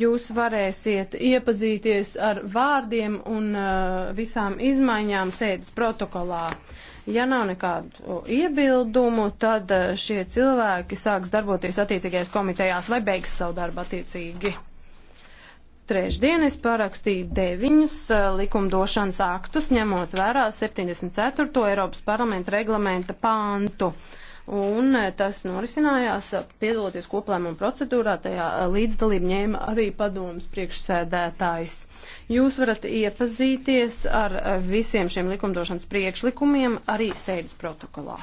jūs varēsiet iepazīties ar vārdiem un uh, visām izmaiņām sēdes protokolā. Ja nav nekādu iebildumu, tad uh, šie cilvēki sāks darboties attiecīgajās komitejās vai beigs savu darbu attiecīgi. Trešdien es parakstīju deviņus uh, likumdošanas aktus, ņemot vērā 74. Eiropas parlamenta reglamenta pāntu. Uh, un eh, tas norisinājās eh, piedaloties koplēmuma procedūrā, tajā eh, līdzdalību ņēma arī padomas priekšsēdētājs. Jūs varat iepazīties ar visiem šiem likumdošanas priekšlikumiem arī sēdes protokolā.